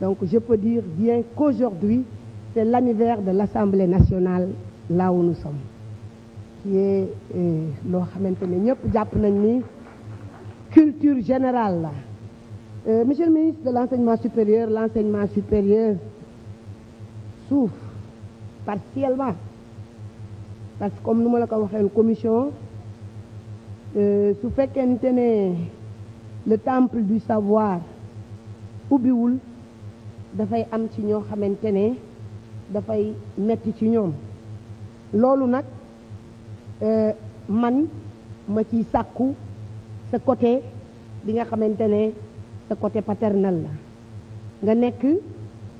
Donc je peux dire bien qu'aujourd'hui, c'est l'anniversaire de l'Assemblée nationale là où nous sommes. qui est euh, loo xamante ne ñëpp jàpp nañ ni culture générale la euh, monsieur le ministre de l' enseignement supérieur l' enseignement supérieur souffre partiellement parce que comme nu ma la ko waxee commission euh, su fekkente ne le temple du savoir ubbiwul dafay am ci ñoo xamante ne dafay metti ci ñoom loolu nag euh, man ma ciy sàkku sa côté bi nga xamante ne sa côté paternel la nga nekk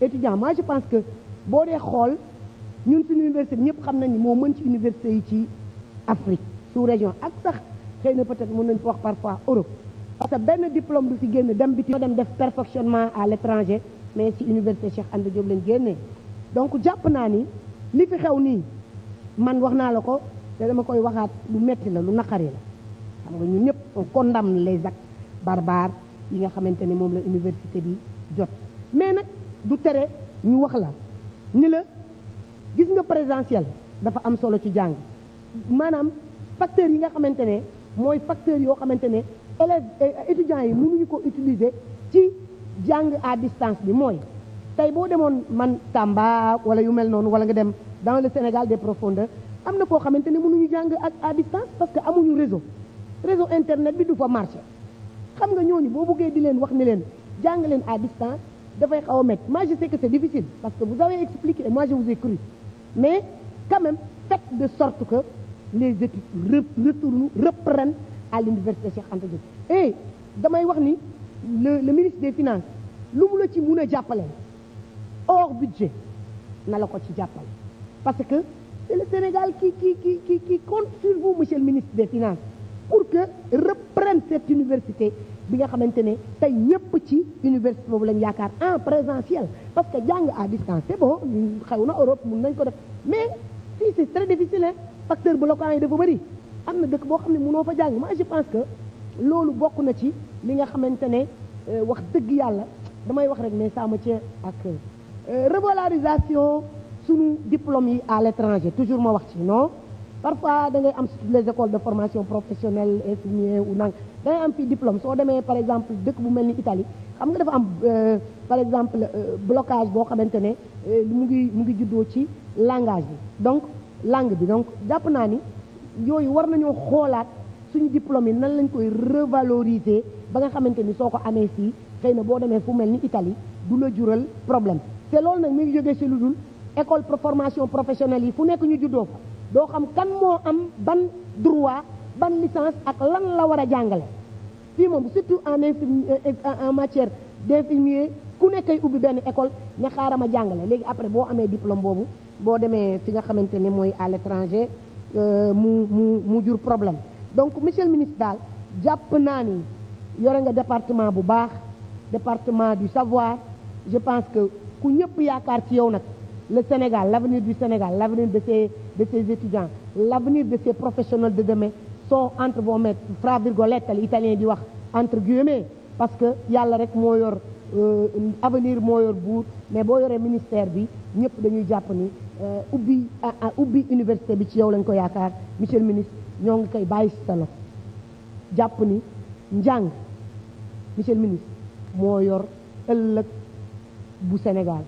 étudiant moi je pense que boo dee xool ñun suñu université bi ñëpp xam nañ ni moo mën ci université yi ci Afrique su région ak sax xëy na peut-être mën nañ ko wax parfois Europe parce que benn diplôme du si génn dem biti dem def perfectionnement à l'étranger mais ci université Cheikh Anta Diop lañ génnee donc jàpp naa ni li fi xew nii man wax naa la ko te dama koy waxaat lu metti la lu naqari la xam nga ñun ñëpp on condamne les actes barbares yi nga xamante ne moom la université bi jot mais nag du tere ñu wax la ni la gis nga présentiel dafa am solo ci jàng maanaam facteurs yi nga xamante ne mooy facteurs yoo xamante ne élèves étudiants yi ñu ko utiliser ci jàng à distance bi mooy tey boo demoon man Tamba wala yu mel noonu wala nga dem dans le Sénégal des profondeurs am na foo xamante ne mënuñu jàng ak à distance parce que amuñu réseau réseau internet bi du fa marché xam nga ñooñu boo bëggee di leen wax ni leen jàng leen à distance dafay xaw a métti moi je sais que c'est difficile parce que vous avez expliqué et moi je vous mais quand même faites de sorte que les études retournent reprennent à l'université Cheikh Anta Diop et damay wax ni le le ministre des finances lu mu la ci mun a jàppale hors budget na la ko ci jàppale parce que c'est le Sénégal qui qui qui qui qui compte sur vous monsieur le ministre des finances pour que reprenne cette université bi nga xamante ne tey ñëpp ci université boobu lañ yaakaar en présentiel parce que jàng à distance c'est bon xew na Europe mun nañ ko def mais fii c'est très difficile hein facteur bloquant yi dafa bëri am na dekk boo xam ne mënoo fa jàng moi je pense que loolu bokk na ci li nga xamante ne euh, wax dëgg yàlla damay wax rek mais ça me tient à cœur euh, revalorisation suñu diplôme yi à l'étranger toujours ma wax ci no parfois da ngay am surtout les écoles de formation professionnelle infirmier ou nang da ngay am fii diplôme soo demee par exemple dëkk bu mel ni Italie xam nga dafa am euh, par exemple blocage boo xamante ne lu mu ngi mu ngi juddoo ci langage bi donc langue bi donc jàpp naa ni yooyu war nañoo xoolaat suñu diplôme yi nan lañ koy revaloriser ba nga xamante ni soo ko amee fii xëy na boo demee fu mel ni Italie du la jural problème te loolu nag mi ngi jógee si lu dul école formation professionnelle yi fu nekk ñu juddoo fa doo xam kan moo am ban droit ban licence ak lan la war a jàngale fii moom surtout en euh, en matière d'infirmier ku nekkay ubbi benn école ne xaaral ma jàngale léegi après boo amee diplôme boobu boo demee fi nga xamante ni mooy à l'étranger euh, mu mu mu jur problème donc monsieur ministre daal jàpp naa ni yore nga département bu baax département du savoir je pense que ku ñëpp yaakaar ci yow nag le Sénégal l'avenir du Sénégal l'avenir de ses de ses étudiants l'avenir de ses professionnels de demain soo entre vos mains fra virgolette italien di wax entre guillemets parce que yàlla rek moo yor euh, avenir moo yor buur mais boo yoree ministère bi ñëpp dañuy jàpp ni euh, ubbi ah, ah, ubbi université bi ci yow lañ ko yaakaar monsieur le ñoo ngi koy bàyyi si sa jàpp ni njàng monsieur le ministre moo yor ëllëg bu Sénégal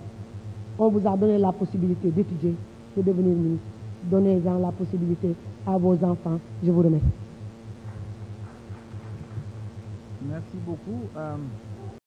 on vous a donné la possibilité d'étudier de devenir ministre donnez-en la possibilité à vos enfants je vous remercie